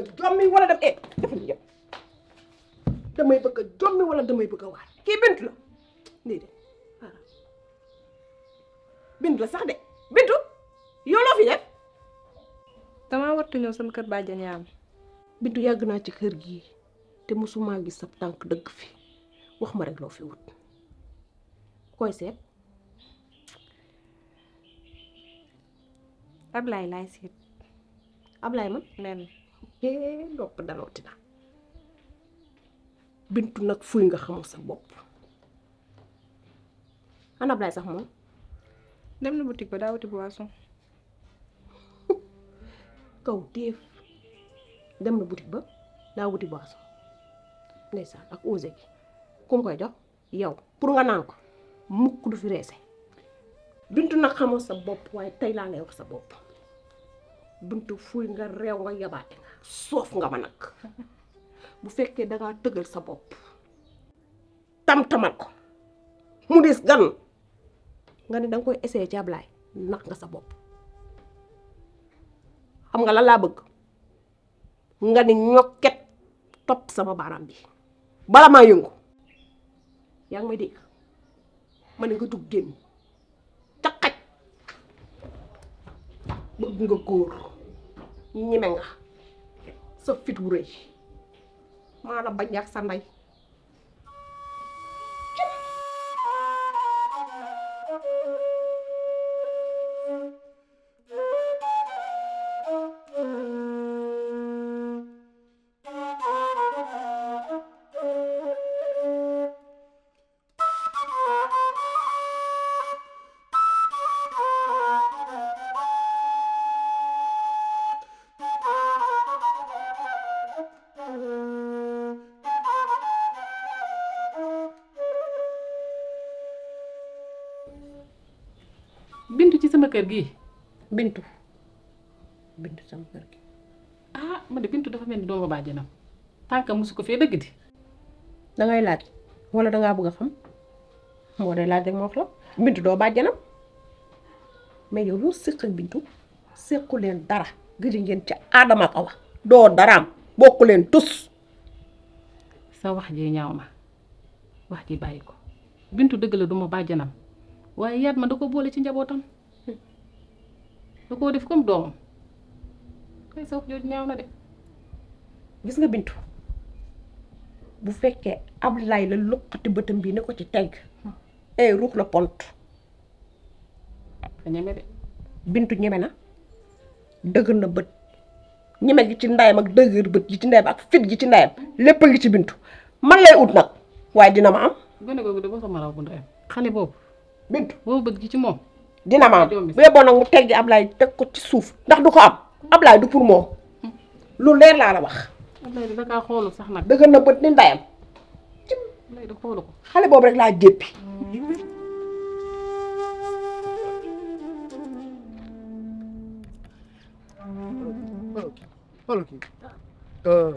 a jommi wala dem eh dafa ñu damay bëgg jommi wala damay bëgg a waar kii bintu la bintu la sax de bintu yow fi def damaa wartu ñëw sama kër bàjjan yaam bintu yàgg naa ci kër gi te mosumaa gis sab tànk dëgg fi wax ma rek loo fi wut koy seet Ablaye laay seet Ablaye man lenn hee lopp dalooti na bintu nag fuy nga xamul sa bopp ana Ablaye sax moom dem na boutique ba daa wuti boisson kaw téef dem na boutique ba daa wuti boisson ndeysaan ak osé gi ku koy jox yow pour nga naan ko mukk du fi reese bintu nag xamoo sa bopp waaye tey laa ngay wax sa bopp bintu fuy nga réew nga yabaate nga soof nga ma nag bu fekkee dangaa tëgal sa bopp tam-tamal ko mu des gan nga ne danga koy essayé ci Ablaay nax nga sa bopp xam nga lan laa bëgg nga ni ñokket topp sama baaraam bi bala maa yëngu yaa ngi may dégg ma ne nga dugg génn caqaj bëgg nga góor ñime nga sa fit wu rëy maa la bañ ak sa ndey kër gi bintu bintu sama kër gi ah ma de bintu dafa mel ni doomu bàjjenam tànka mosu ko fee dëgg di dangay laaj wala dangaa bëgg a xam moo dee laaj rek ma la bintu doo bàjjenam mais yow loo séq ak bintu séqu leen dara gëj ngeen ci adama ak awa doo daraam bokku leen tus sa wax ji ñaaw ma wax ji bàyyi ko bintu dëgg la duma bàjjenam waaye yaat ma da ko boole ci njabootam da koo def comme doomam kay sa wax jooju na de gis nga bintu bu fekkee Ablaye la luqati bëtam bii ne ko ci teg hmm. eh ruux la pont bintu ñeme na dëgër na bët ñeme gi ci ndayam ak dëgër bët gi ci ndayam ak fit gi ci ndayam lépp ngi ci bintu man lay ut nag waaye dina ma am gone googu de boo sama raw bu ndayam xale bintu boobu bët gi ci moom dina ma am bu yeboo nag mu teggi teg ko ci suuf ndax du ko am Ablaye du pour moom lu leer laa la wax. Ablaye da kaa xoolu sax na bët ni ko xale boobu rek laa euh,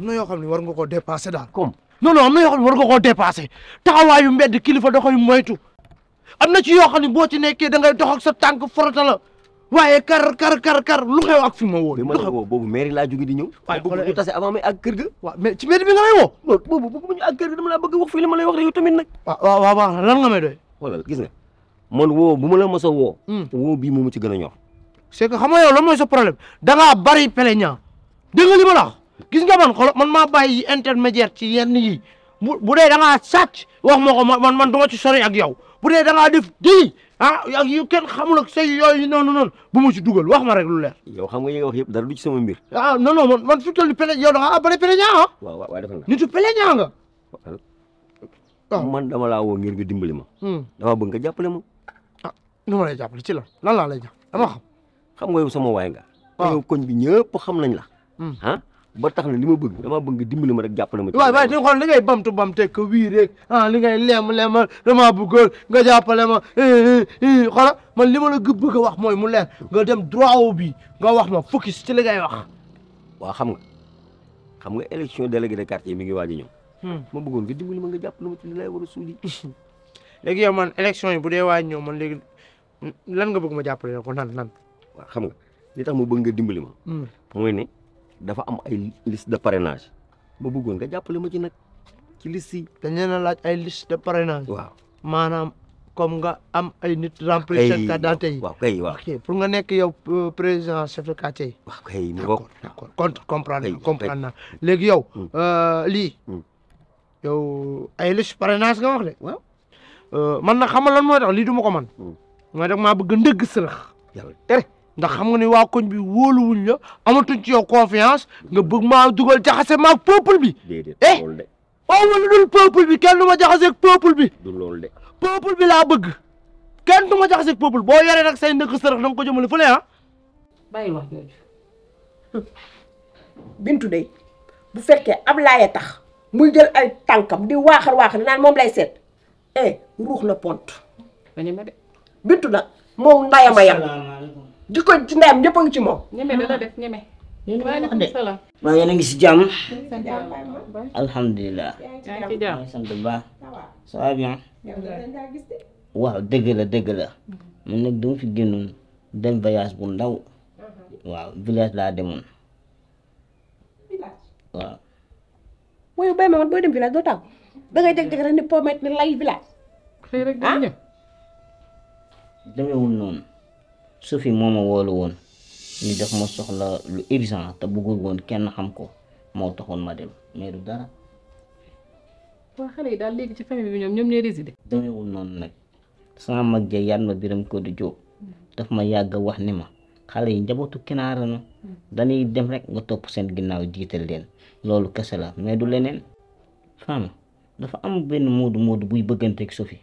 ne war nga koo dépassé daal. comme non non am na yoo xam ne war nga koo dépassé taxawaayu mbedd kilifa da koy moytu. amna ci yo xamni bo ci nekké da ngay dox ak sa tank forata la waye kar kar kar kar lu xew ak fi ma woo. bi ma la mairie la jogi di ñew bobu du tassé avant may ak kër ga. wa mais ci mairie bi nga may wo woo. boobu boobu ñu ak kër ga dama la bëgg wax fi li lay wax rek yow tamit nak wa wa wa lan nga may doy. xoolal gis nga man wo bu ma la mësa wo hmm. wo bi bii moom ci gëna ñor. c'est que xam nga yow lan moy sa problème da nga bari plaignant de nga li ma la gis nga man xoolal man ma bayyi intermédiaire ci yenn yi bu dé da nga sacc wax moko man man duma ci sori ak yow bude da nga def di ah yang yu kenn xamul ak say yi non non bu mu ci duggal wax ma rek lu leer. yow xam nga yi wax yeb dara du ci sama mbir. ah non non man man fi mu pele yow da nga ah bëri pele ñaa wa wa wa defal naa nitu pele ñaa nga. ah. man dama la wo ngir nga dimbali ma. dama bëgg nga jappale ma. ah nu ma lay jappale ci la lan la lay jàpp dama xam. xam nga yow sama way nga. yow koñ bi ñepp xam nañ la. ah ba tax na li ma bëgg damaa bëgg dimbali ma rek jàppale ma. waaw waaye di xool li ngay ko wii rek ah li ngay lem lemal damaa nga jàppale ma eh, eh, eh, xoolal man li ma la bëgg a wax mooy mu leer nga dem droit bi nga wax ma focus ci li ngay wax. Ah, xam nga xam nga élection délégué de quartier mi ngi waaj a ñëw. Hmm. ma bëggoon nga a suuli. yi bu dee waaj ñëw man léegi lan nga bëgg ma jàppale ko nan nan. waaw xam nga li tax ma bëgg nga dimbali ma. Hmm. mooy dafa am ay liste de parrainage ba bëggoon nga jappalé ma ci nak ci liste yi. dañ leen laaj ay liste de parrainage. waaw manam comme nga am ay nit. remplir seen carte yi waaw kay waaw. ok pour nga nek yow euh, président chef de quartier waaw kay mu bok d' comprendre comprendre naa léegi yow. Mm. Euh, li mm. yow ay liste parrainage nga wax de. waaw euh man na xamal lan moo tax li duma ko man mm. mooy tax ma bëgg ndëgg sërëx. yalla téré Je xam nga ne waa koñ bi confiance la amatuñ ci confiance nga bëgg le peuple bi. eh, de. suis purple peuple bi kenn du ma jaxaseeg peuple bi. du de. peuple bi bëgg kenn du ma peuple say nga ko si ah. wax Bintu de bu Ablaye tax muy jël ay di lay eh pont. ma de Bintu di ko ci ndeyam ñëpp ngi ci moom. ñeme maa yéen ngi si jàmm. alhamdulilah. yaa bu baax. waaw dëgg la dëgg mm-hmm. nag dama fi génnoon dem voyage bu mm-hmm. waaw village laa demoon. waaw. mooy bay ma woon dem village doo taw dangay jékki-jékki rek ni pomette ni lay village. xëy rek dama Sophie moo ma woolu woon ni daf ma soxla lu urgent te bëggul woon kenn xam ko moo taxoon ma dem mais du dara. waa xale yi ci famille bi ñoom ñoom ñooy résidé. demeewul noonu nag sama mag ja yaat ma biram ko di joo dafa ma yàgg wax ni ma xale yi njabootu kinaara na dañuy dem rek nga topp seen ginnaaw jiital leen loolu kese la mais du leneen. femme dafa am benn moodu moodu buy bëgganteeg Sophie.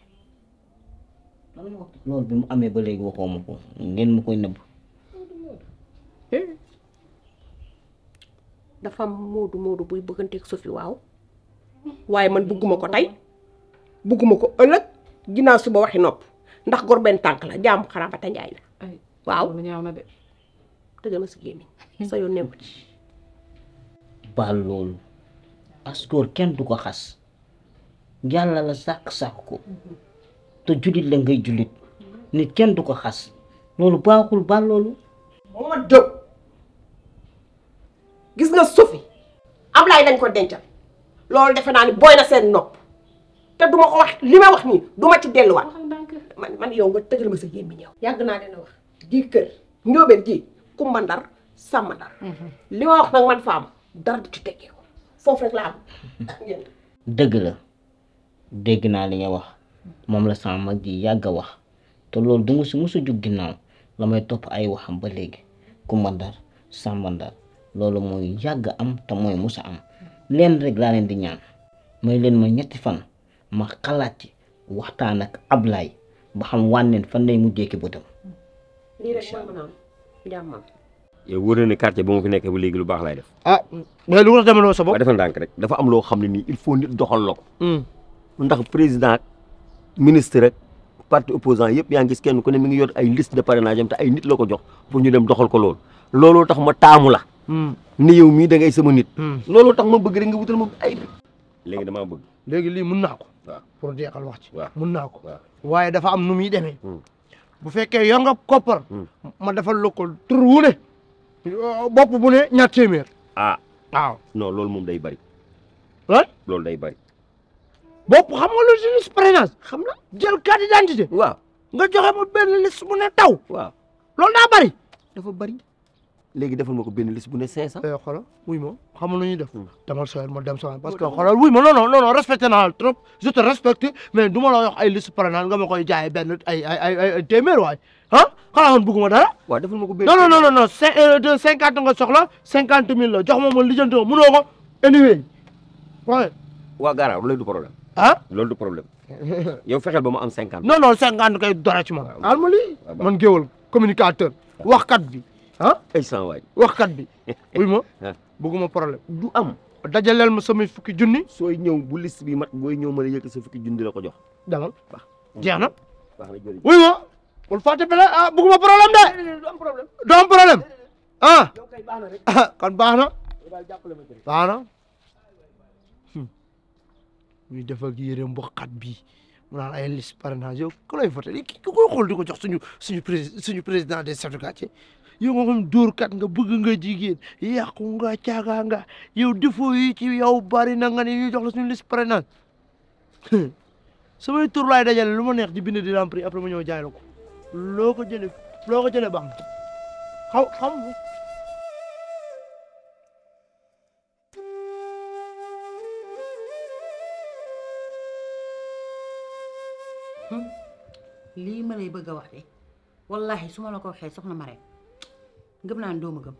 loolu bi mu amee ba léegi waxoo ma ko ngeen ma koy nëbb hmm. dafa am moodu moodu buy bëgganteeg Sophie waaw waaye man bëgguma ko tey bëgguma ko ëllëg ginnaaw ba waxi nopp ndax gor benn tànk la jaam xaraa ba tanjaay la waaw ñaaw na ma si gémmiñ sa yoon nekku ci baal loolu astoor kenn du ko xas yàlla la sàkk sàkk ko mm-hmm. te julit la ngay julit nit kenn duko xass lolu baaxul baal loolu. gis nga Sophie ablay lañ ko dencal lolu defena ni booy na wakni, nopp te duma ko wax lima wax ni duma ci wat man man yow nga tëgal ma sa yemi ñew yag na leena wax di keur ñobel gi ku mandar sama dar mhm. li ma wax nak man fam dar du ci teggee rek la am. deug la deug na li nga wax. moom la sama mag ji yàgg a wax te loolu du nga si musu jug ginnaaw la may topp ay waxam ba léegi Kumba Ndar Samba Ndar loolu mooy yàgg am te mooy musa am leen rek laa leen di ñaan may leen ma ñetti fan ma xalaat ci waxtaan ak Ablaay ba xam wànneen fan lay mu ki bëtam lii rek mën na am jàmmal yow wóor na lu baax lay def ah mais lu nga sa bopp defal ndànk rek dafa am loo xam ne nii il faut nit doxal la ko hmm. ndax président ministre rek parti opposant yëpp yaa ngi gis kenn ku ne mi ngi yor ay liste de parrainage am te ay nit la ko jox pour ñu dem doxal ko lool looloo tax ma taamu la hmm. ne yow mii da ngay sama nit hmm. looloo tax ma bëgg rek nga wutal ma ay léegi damaa bëgg léegi lii mun naa ko waaw jeexal wax ci mun naa ko waaye dafa am nu yi demee hmm. bu fekkee yor nga koppar ma defal loko ko tur wu bopp bu ne ñaar téeméer ah waaw loolu moom day bari lan loolu day bari bopp xam nga lu si liste parrainage xam na jël carte d'identité waaw nga joxe ma benn liste bu ne taw waaw loolu daa bari dafa bari léegi defal ma ko benn liste bu ne cinq cent eh, xoolal wuy ma xamul lu ñuy def demal soel ma dem soel parce que xoolal wuy ma non non non non respecté naa trop je te respecte mais du ma la wax ay liste parrainage nga ma koy jaayee benn ay ay ay téeméer waay ah xanaa man bëgguma dara waaw defal ma ko benn non non non non euh, cinquante nga soxla cinquante mille la jox ma ma lijjanti ko mënoo ko anyway waaye waaw garaaw loolu du problème ah loolu du problème yow fexeel ba mu am cinquante. non non cinquante kay dara ci ah, ah, man. waaw waaw man géwal communicateur. waxkat bi ah. ay san waay waxkat bi. wuy ma ah. bëgguma problème du am. dajaleel ma samay fukki junni. sooy ñëw bu liste bi mat booy ñëw ma la yëkk sa fukki junni la ko jox. demal jeex na. wuy ma bul fàtte bele ah bëgguma problème de. du am problème du am problème ah. kon baax na. baax na. ñuy def ak yére mboqat bi mu naan ay liste parrainage yow ku lay voté ki ku koy xool di ko jox suñu suñu président suñu président des chefs de quartier yow nga xam dóorkat nga bëgg nga jigéen yàqu nga caaga nga yow défaut yi ci yow bari na nga ne ñu jox la suñu liste parrainage samay tur laay dajale lu ma neex di bind di lamprix après ma ñëw jaay la ko loo ko jëlee loo ko jëlee baax لي بقى وحدي والله سوما لو كو خي سخنا مري غبنا ندوما غم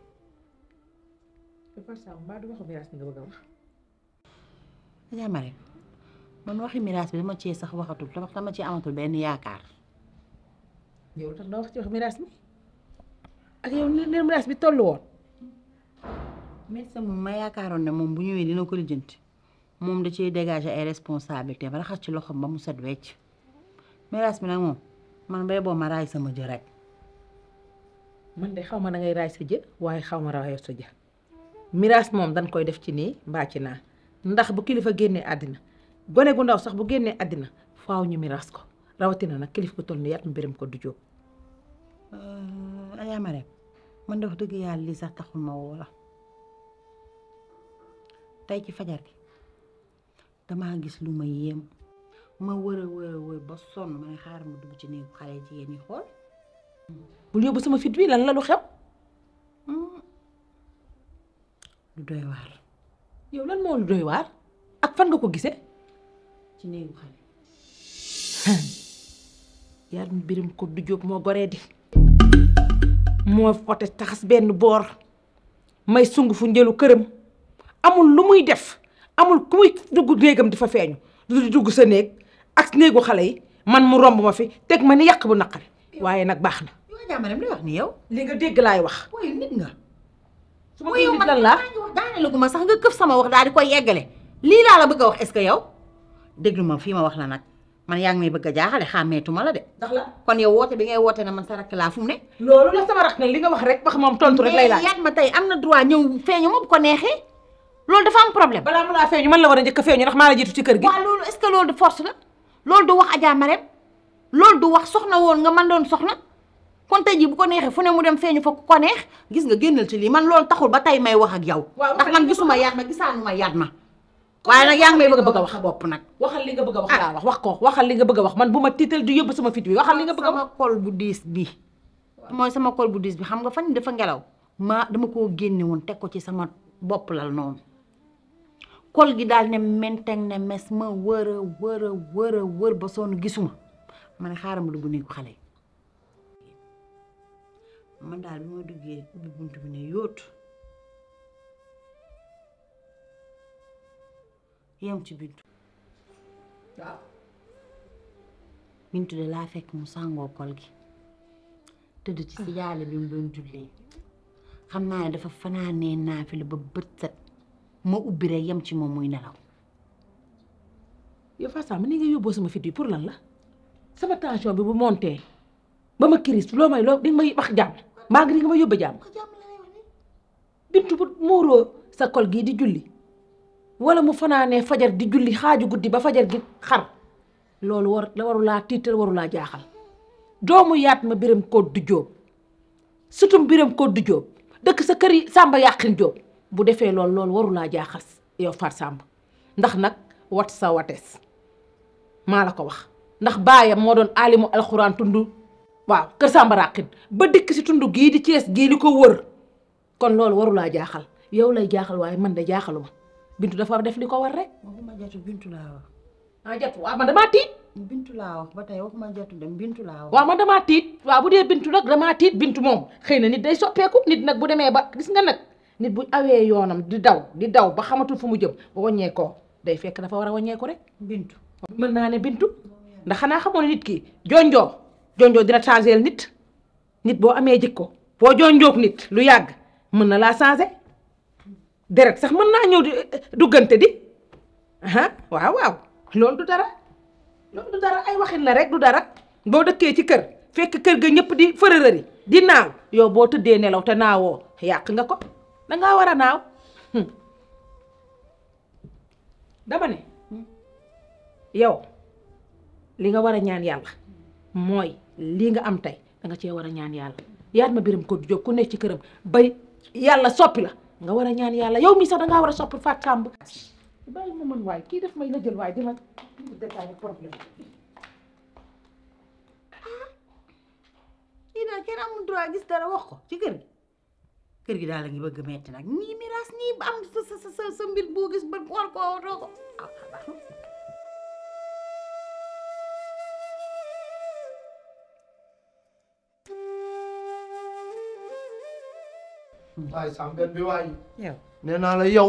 كيفاش سام بعد واخو ميراث نغا بقى وخ يا مري من واخي ميراث بما تي صح واخا تول بين ياكار يو تا دوخ تي واخ ميراث مي اك يو نير ميراث بي تول وون مي سام ما ياكارون نه موم بو نيوي دينا كو لجنت موم دا تي ديغاجي اي ريسبونسابيلتي ما خاص تي لوخم ba mu man bay boo ma raay sama jë rek. man de xaw ma da ngay raay sa jë waaye xaw ma raayoo sa jë miraas moom dañ koy def ci nii mbaa ci naa ndax bu kilifa génnee àddina gone gu ndaw sax bu génnee àddina faw ñu miraas ko rawatina nag kilifa ko toll ni yat mbiram ko du jóg. Euh, ayaa ma rek man de wax dëgg yàlla lii sax taxul ma woo la tey ci fajar gi damaa gis lu ma yéem. ma wër a wër a wër ba sonn ma ne ma dugg ci néegu xale jigéen ñi xool. bul yóbbu sama fit wi lan la lu xew. Hmm. lu doy waar. yow lan moo lu ak fan nga ko gisee. ci néegu mu birim ko du jóg moo goree di. moo fote taxas benn boor may sung fu njëlu këram amul lu muy def amul ku muy dugg néegam di fa feeñu du dugg sa néeg ak néegu xale yi man mu romb ma fi teg ma ni yàq bu naqari waaye nag baax na. yow jàmbaram li wax ni yow. nga dégg laay wax. waaye nit nga. su ma koy nit lan laa daanelaguma sax nga këf sama wax daal di koy yeggale lii laa la bëgg a wax est-ce que yow fii ma wax la nag man yaa ngi may bëgg a jaaxale xàmmeetu ma la de. kon yow woote bi ngay woote na man sa rakk laa fu mu ne. loolu la sama rakk nag li nga wax rek wax moom tontu rek lay laaj. yaat ma tey am na droit ñëw feeñu ma bu ko neexee loolu dafa am problème. balaa a a feeñu ndax maa la jiitu ci kër gi. loolu du wax Adja Marème loolu du wax soxna woon nga man doon soxna kon tey jii bu ko neexee fu ne mu dem feeñu fa ku ko neex gis nga génnal ci lii man loolu taxul ba tey may wax ak yow. ndax man gisuma yaat ma gisaanuma yaat ma. waaye nag yaa ngi may bëgg a bëgg a wax a bopp nag. waxal li nga bëgg a wax ah, wax wax waxal li nga bëgg wax man bu ma tiital di yóbbu sama fit bi waxal li nga bëgg a wax. bu diis bi mooy sama kol bu diis bi xam nga fan dafa ngelaw maa dama koo génne woon teg ko ci sama bopp lal noonu kol gi daal ne menteng ne mes ma wër a wër a wër ba sonn gisuma ma ne xaaral ma dugg néegu xale yi man daal bi ma duggee ubbi bunt bi ne yóot yem ci bintu waaw bintu de laa fekk mu sàngoo kol gi tëdd ci si yàlla ah. bi mu doon jullee xam naa ne dafa fanaanee naafila ba bët set ma ubbi rek yem ci moom muy nelaw. yow Fatou Samb ni nga yóbboo sama fit bi pour lan la sama tension bi bu montee ba ma kiris loo may loo di nga may wax jàmm maa ngi nga ma yóbbu jàmm. bintu bu muuroo sa kol gii di julli wala mu fanaanee fajar di julli xaaju guddi ba fajar gi xar loolu war la warulaa tiital warulaa jaaxal doomu yaat ma biram ko du jóob surtout biram ko du dëkk sa kër yi Samba yàqin jóob bu defee loolu loolu waru laa jaaxal yow Far Samb ndax nag wat sa watees maa la ko wax ndax baayam moo doon aalimu alxuraan tundu waaw kër Samba Rakin ba dikk si tundu gii di Cees gii li ko wër kon loolu waru laa jaaxal yow lay jaaxal waaye man de jaaxaluma bintu dafa def li ko war rek. waxuma jatu bintu laa wax. ah jatu waaw damaa tiit. bintu laa wax ba tey waxuma jatu dem bintu laa wax. waaw man damaa bu dee bintu nag damaa tiit bintu moom xëy na nit day soppeeku nit nag bu demee ba gis nga nag. nit bu awee yoonam di daw di daw ba xamatul fu mu jëm ba wàññeekoo day fekk dafa war a wàññeeku rek. bintu mën naa ne bintu ndax xanaa xamoon nit ki jonjoo jonjoo dina changer nit nit boo amee jikko boo jonjoog nit lu yàgg mën na laa changer deret sax mën naa ñëw di duggante di waaw waaw loolu du dara loolu du dara ay waxin la rek du dara boo dëkkee ci kër fekk kër ga ñëpp di fërërëri di naaw yow boo tëddee nelaw te naawoo yàq nga ko. dangaa nga wara naw hmm. dama ne hmm. yow li nga wara ñaan yalla moy li nga am tay da nga ci wara ñaan yalla yaat ma biram ko jóg ku ne ci kërëm bay yalla soppi la nga wara ñaan yalla yow mi sa da nga wara soppi faat kamb bay ma man way ki def may la jël way di ma détaillé problème ah lii mu droit gis dara wax ko ci kër gi kër gi daal la ngi bëgg bi waaye nee naa la yow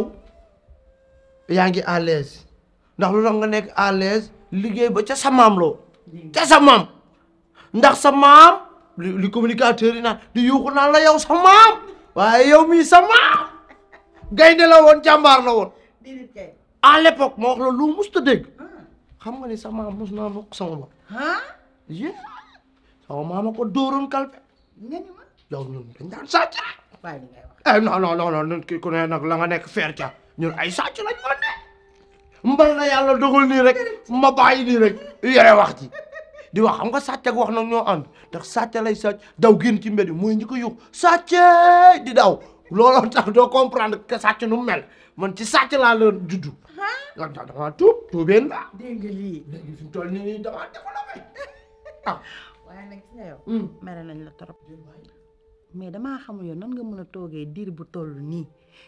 yaa ndax lu tax nga nekk à l'aise liggéey ba ca sa maam loo ca sa ndax sa li communicateur yi naan di yuuxu naan la waaye yow mii sa gaynde la woon jàmbaar la woon à l'époque ma lu mus ta dégg ah. xam nga ni sa maam mus naa nokk sama bopp yé sama maama ko dóoroon kalpe yow ñun dañ daan sàcc eh non non non non kii ku ne nag la nga nekk feer ca ñun ay sàcc lañ woon mbal na yàlla dogal nii rek ma bàyyi nii rek yore di wax xam nga sàcc ak wax na ñoo ànd ndax sàcc lay sàcc daw génn ci mbedd mooy ñi ko yuux sàcc di daw looloo tax doo comprendre nu mel man ci sàcc laa la juddu. ndax damaa tuub tuubeen laa. dégg nga lii léegi fi mu toll nii ah. hmm. nañ la trop. mais damaa xamul yow nga mën a toogee diir bu toll nii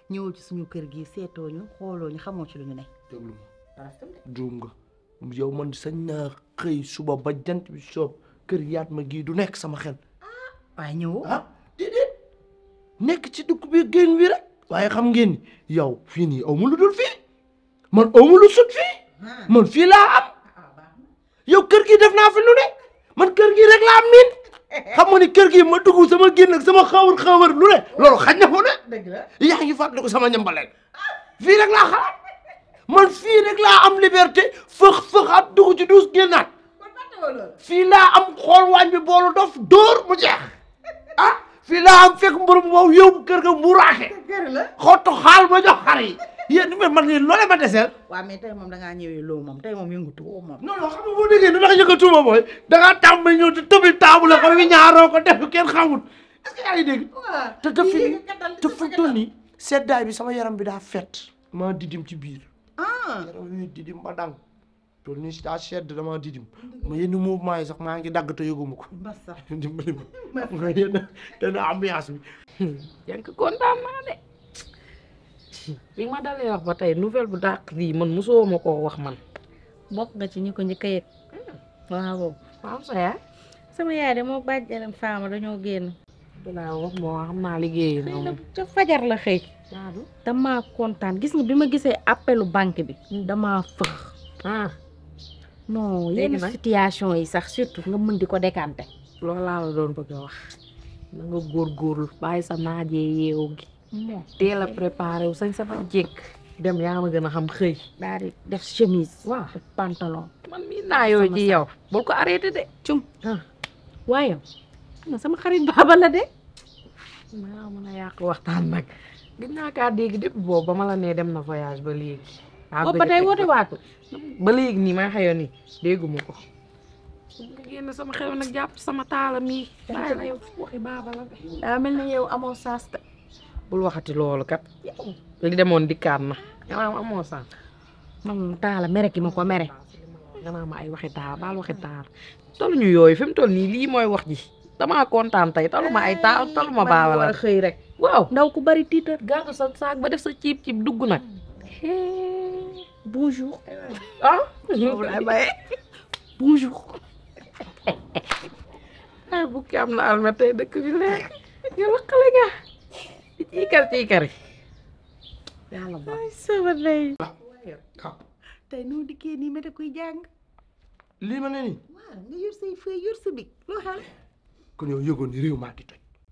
ñëw ci suñu kër gi seetoo ñu xooloo ñu xamoo ci lu ñu ne. déglu ma juum nga yow xëy suba ba jant bi soo kër yaat ma gii du nekk sama xel. Ah, waaye ñëw ah nekk ci dëkk bi génn wi rek. waaye xam ngeen yow fii nii aw lu dul fii man aw ma lu sut fii hmm. man fii laa am ah, yow kër gi def naa fi lu ne man kër gi rek laa miin xam nga ni kër gi ma dugg sama génn ak sama xawar xawar lu ne loolu xaj na fu ne. dëgg la yaa ngi fàttaliku sama ñambaleel fii rek laa xalaat. man fi rek la am liberté fëx fëxaat dug ci duus gennat fi la am xol wañ bi bolu dof dor mu jeex ah fi la am fek mbërëm moom yow keur ga muraaxe xoto xal ma jox xari yi ni man ni lolé ma deseel wa mais tay mom da nga ñëwee lo mom tay mom yëngatu woo mom non lo xam nga boo déggee nu ndax yëngatu ma mooy da nga tàmm ñëw te tebi table ko wi ñaaro ko def keen xamut est-ce que yaa dégg te te fi te fu toll sédday bi sama yaram bi da fett ma didim ci biir keroog ah. didim ba dal tool ni daa sedd dama didim ma yenn mouvement yi sax maa ngi dagg te yëguma ko dimbali ma nga yenn yenn ambiance bi yank kontaan naa de bi ma dalee wax ba tey nouvelle bu dàq lii man mosoo ma koo wax man bokk nga ci ñi ko njëkk a yëg waaw waaw sa yaay sama yaay de moo bàjjalam faama dañoo génn dinaa wax moo xam naa liggéeyi na ca fajar la xëy damaa kontaan gis nga bi ma gisee appelu banque bi. damaa fëx. Ah. non yenn situation yi sax surtout nga mën di ko décanté. loolu laa la doon bëgg wax. na góor góorgóorlu bàyyi sa naajee yeewu gi. teel a préparé wu sañ sama jékk dem yaa ma gën a xam xëy. daal di def chemise. pantalon. man mii naa yoo ji yow. bul ko arrêté de. cum ah. waaye sama xarit baaba la de. maa mën a yàq waxtaan nag. gis naa kaa dégg depuis boobu ba ma la nee dem na voyage ba léegi. ah ba léegi nii may xëyoon nii dégguma ko. sama xew nag sama taalam amoo saas de. bul waxati loolu kat. li demoon dikkaat na. yow amoo saas. man taala mere ki ma ko mere. nga naa ma ay waxi taala baal waxi taala. tollu ñu yooyu fi mu nii lii mooy wax ji. damaa kontaan tey tollu ma ay taal tollu ma baaba la xëy rek. waaw ndaw ku bari tiitar gàddu sa saak ba def sa ciib ciib dugg nag bonjour ah bonjour ah, bukki am na almet tey dëkk bi léegi nga laqale nga di ciikar ciikar ah, tey noo dikkee nii mete kuy jàng lii ma ne nii waaw nga yor say fëy sa big loo xam kon ni réew maa ngi toj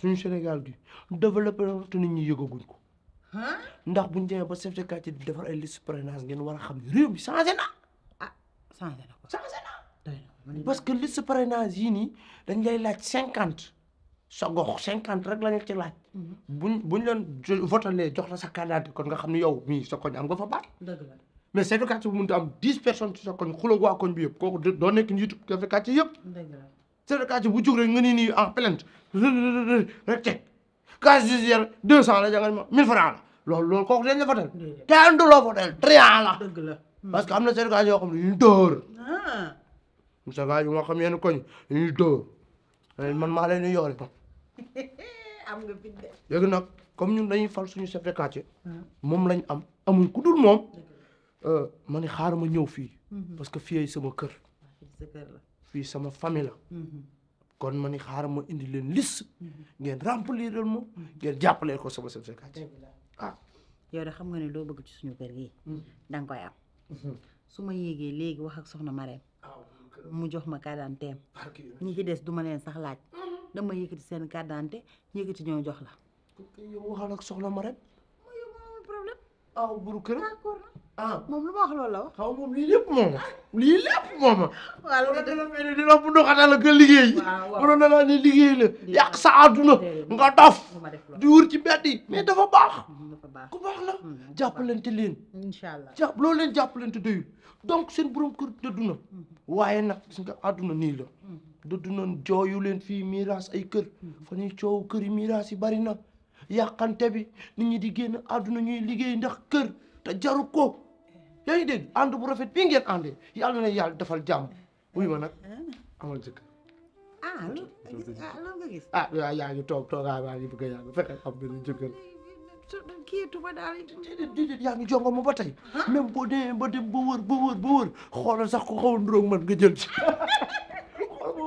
suñu Sénégal gi développé na te ñu ñi yëgaguñ ko. ndax buñ demee ba chef de quartier di defar ay liste parrainage ngeen war a xam ne réew mi changé na. ah changé na ko changé na. parce que yii nii dañ lay laaj cinquante sa gox cinquante rek la ñu ci laaj. Mhm. buñ buñ leen votalee jox la sa candidat kon nga xam ne yow mii sa am nga fa baat. dëgg la mais chef de quartier am dix personnes ci sa koñ xuloo waa bi yëpp kooku doo nekk njiitu chef de quartier yëpp. dëgg syndicat bu jug rek nga ni en ah, plainte rek teg du zéro deux cent la jangal ma mille franc la loolu loolu kooku dañ la votel kenn du la votel trian la parce qu'on a na le yoo du ne il dóor syndicat yu nga xam yenn koñ ñu dóor man maa leen di yore am nga fi de comme nous dañuy fal suñu chef de quartier moom am amul ku dul moom ma ni xaar ma ñëw fii parce que fii fii sama famille la mhm. kon ma ni xaaral ma indi leen liste mhm. ngeen rempliral ma mhm. ngeen jàppalee ko sama chef de quartier waaw ah. yow de xam nga ne loo bëgg ci suñu kër gi da nga koy am su ma yéegee léegi wax ak soxna Marème ah, mu jox ma carte d'identité ñi ci des duma leen sax laaj dama yëkkati seen carte d'identité yëkkati ñoo jox la waxal ak ah moom lu ma wax loolu la wax. xaw moom lii lépp moom lii lépp moom. waaw loolu da la mel ni dina bu ndoxatal ak liggéey. waaw waaw mënoon na la ne liggéey la yàq sa àdduna nga dof di wër ci mbedd yi mais dafa baax. ku baax la hmm, jàppalante leen. incha allah jàpp loolu leen jàppalante doyul donc seen borom kër dëddu na hmm. waaye nag gis nga àdduna nii la. Hmm. dëddu na jooyu leen fii miiras ay kër fa ñuy coow kër yi miiras yi bari na yàqante bi nit ñi di génn àdduna ñuy liggéey ndax kër te jaru ko. yaa ngi dégg ànd bu rafet bii ngeen àndee yàlla na yàlla defal jàmm wuyu ma nag ah, ah. amal jëkk ah loolu ah, nga gis ah yaa ngi toog toogaa baa ngi bëgg a yàgg fexe am benn jëkkër kiituma daal déedéet déedéet yaa ngi jongo ma ba tey même boo demee ba dem ba wër ba wër ba wër xoolal sax ko xaw a nduróog man nga jël ci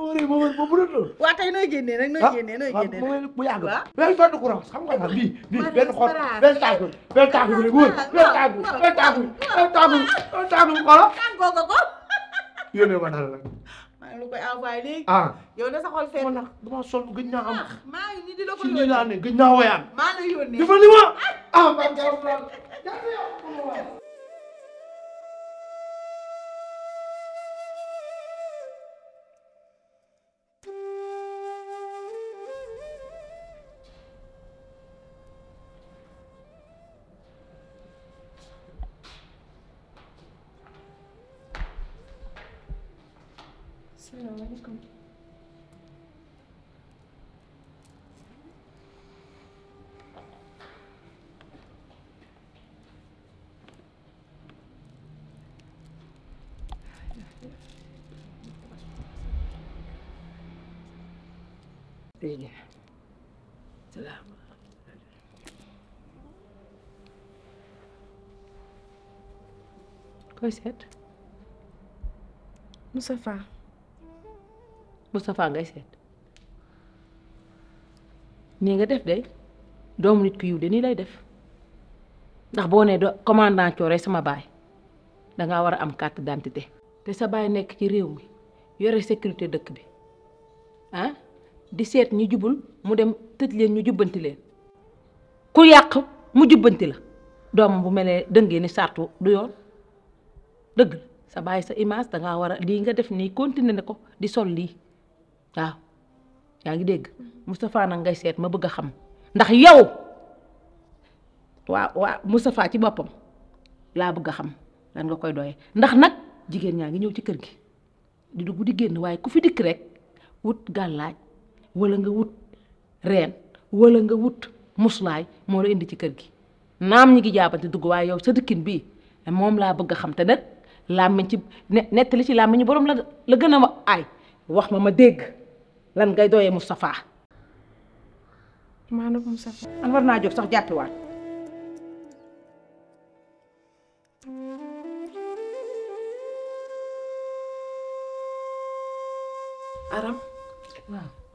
waree ma war ma mënatoo. waaw tey nooy génnee nag nooy ah, génnee nooy génnee nag. waaw bu yàgg. waaw benn benn courant xam nga bii bii benn xor benn taagu benn taagu bi rek wóor benn taagu benn taagu benn taagu benn taagu xoolal. tàngoo ko ko. yónnee ma dara nag. maa ngi koy envoyé léegi. ah yow na sa xol fenn. man nag damaa sonn gëj naa am. Ah, maa ngi nii di la ko yónnee si laa ne gëj naa woyaan. maa ngi lay yónnee. dafa li ma ah. ah Sinônico. Filha, selama Pois é No sofá. Moustapha ngay seet nii nga def de doomu nit ku yiw de nii lay def ndax boo nee do commandant Thioré sama baay dangaa war a am carte d'identité te sa baay nekk ci réew mi yore sécurité dëkk bi ah di seet ñu jubul mu dem tëj leen ñu jubbanti leen ku yàq mu jubbanti la doom bu melee dëngee ni sartu du yoon dëgg sa baay sa image dangaa war a lii nga def nii continuer ne ko di sol lii waaw yaa ngi dégg Moustapha nag ngay seet ma bëgg a xam ndax yow waaw waaw Moustapha ci boppam laa bëgg a xam lan nga koy doyee ndax nag jigéen ñaa ngi ñëw ci kër gi di dugg di génn waaye ku fi dikk rek wut gàllaaj wala nga wut reen wala nga wut muslaay moo la indi ci kër gi naam ñi ngi jaabante dugg waaye yow sa dëkkin bii moom laa bëgg a xam te nag làmmiñ ci nettali ci làmmiñ ñu borom la la gën a ma aay wax ma ma dégg lan ngay doyee Moustapha. maanaam Moustapha. an war naa jóg sax jàppiwaat. Aram. waaw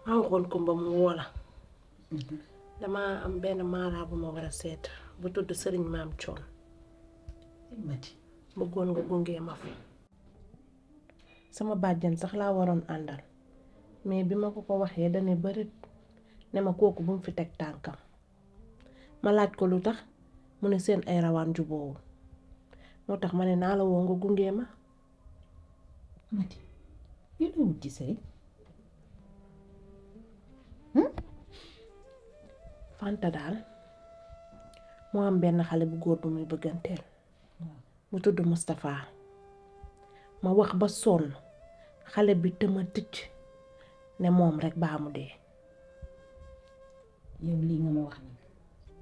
maa waxoon Kumba mu woo damaa am benn mara ma war a seet bu tudd sëriñ maam Thion. bëggoon nga gungee ma fi. sama bàjjan sax laa waroon àndal. mais bi ma ko ko waxee dana bërit ne ma kooku bu mu fi teg tànkam ma laaj ko lu tax mu ne seen ay rawaan jubóowul moo tax ma ne naa la woo nga gungee ma mati yow loo hmm? fanta daal moo am benn xale bu góor bu muy bëgganteel mu tudd Moustapha ma wax ba sonn xale bi tëma tëcc ne moom rek baa mu dee. yow lii nga ma wax ni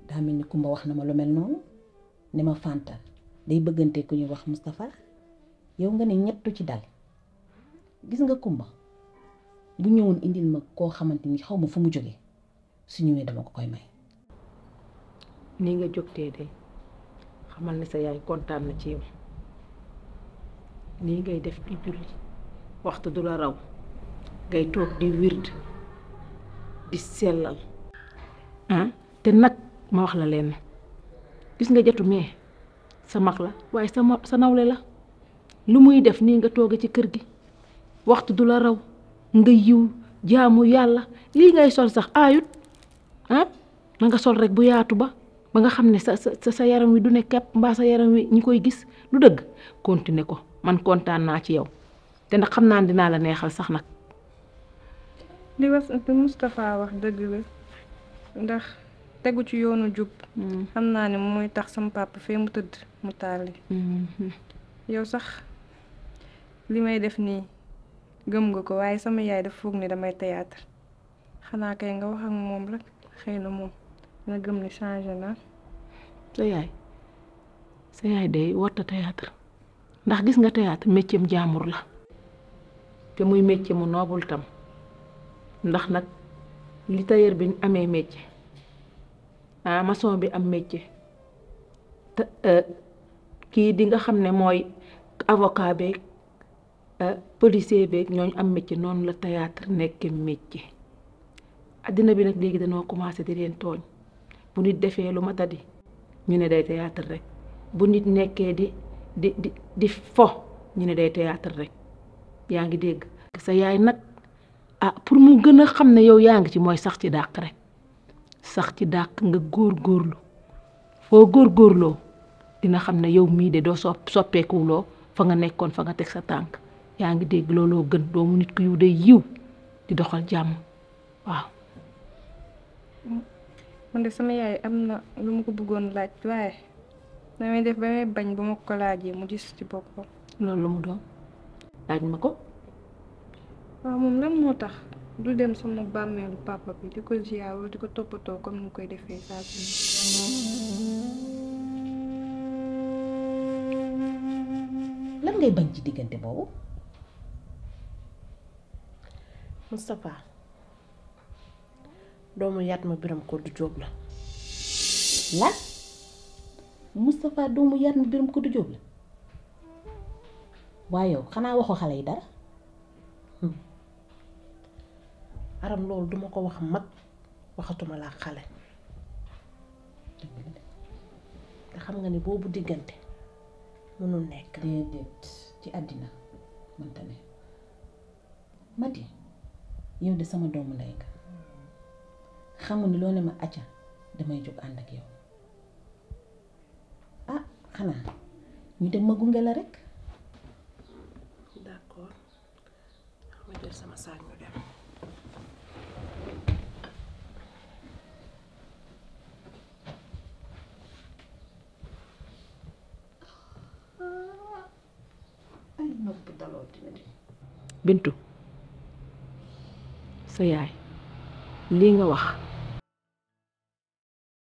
daa mel ni Kumba wax na ma lu mel noonu ne ma Fanta day bëggante ku ñuy wax Moustapha yow nga ne ñettu ci dal gis nga Kumba bu ñëwoon indil ma koo xamante ni xaw ma fu mu jógee su ñëwee dama ko koy may. nii nga jógtee de xamal ne sa yaay kontaan na ci yow nii ngay def di julli waxtu du la raw. ngay toog di wird di sellal ah, te nag ma wax la leen gis nga jatu mee sa mag la waaye sa sa nawle la lu muy def nii nga tooge ci kër gi waxtu du la raw nga yiw jaamu yàlla lii ngay sol sax aayut ah nga sol rek bu yaatu ba ba nga xam ne sa sa sa yaram wi du ne kepp mbaa sa yaram wi ñu koy gis lu dëgg continuer ko man kontaan naa ci yow te nag xam naa dinaa la neexal sax nag li was wax dëgg la ndax tegu ci yoonu jub mm. xam naa ne mooy tax sama pàpp fee mu tëdd mu tàlli mm-hmm. yow sax li may def nii gëm nga ko waaye sama yaay dafa foog ni damay théâtre xanaa kay nga wax ak moom rek xëy na moom dina gëm ni changé naa sa yaay sa yaay day warta théâtre ndax gis nga théâtre métier jàmbur la te muy métier mu noobul tam ndax nag li tailleur bi amee métier ah mason bi am métier te euh, kii di nga xam ne mooy avocat beeg euh, policier beeg ñooñ am métier noonu la théâtre nekkee métier àddina bi nag léegi dañoo commencé di leen tooñ bu nit defee lu ma tadi ñu ne day théâtre rek bu nit nekkee di di di di fo ñu ne day théâtre rek yaa ngi dégg sa yaay nag ah pour mu gën a xam ne yow yaa ngi ci mooy sax ci dàq rek sax ci dàq nga góor góorlu foo góor góorloo dina xam ne yow mii de doo so soppeekuloo fa nga nekkoon fa nga teg sa tànk yaa ngi dégg looloo gën mu nit ku yiw day yiw di doxal jàmm waaw man de sama yaay am na lu ma ko bëggoon laaj waaye damay def ba may bañ bu ma ko laajee mu gis ci boppam loolu lu mu doon laaj ma ko waaw ah, moom lan mo tax du dem sama bàmmeelu papa bi di ziaru diko di comme ni koy defee sa su lan ngay bañ ci digënté bobu mustafa doomu yaat ma biram ko du job la la mustafa doomu yat ma biram ko du job la wayo xana waxo xalé dara aram loolu duma ko wax mag waxatuma laa xale nga xam nga ne boobu diggante mënul nekk déedéet ci àddina mënta ne yi yow de sama doomu ndey nga xamul ni loo ne ma acca damay jóg ànd ak yow ah xanaa ñu dem ma gunge la rekk d'accord ma jël sama saag ay nopp daloo dina sa yaay lii nga wax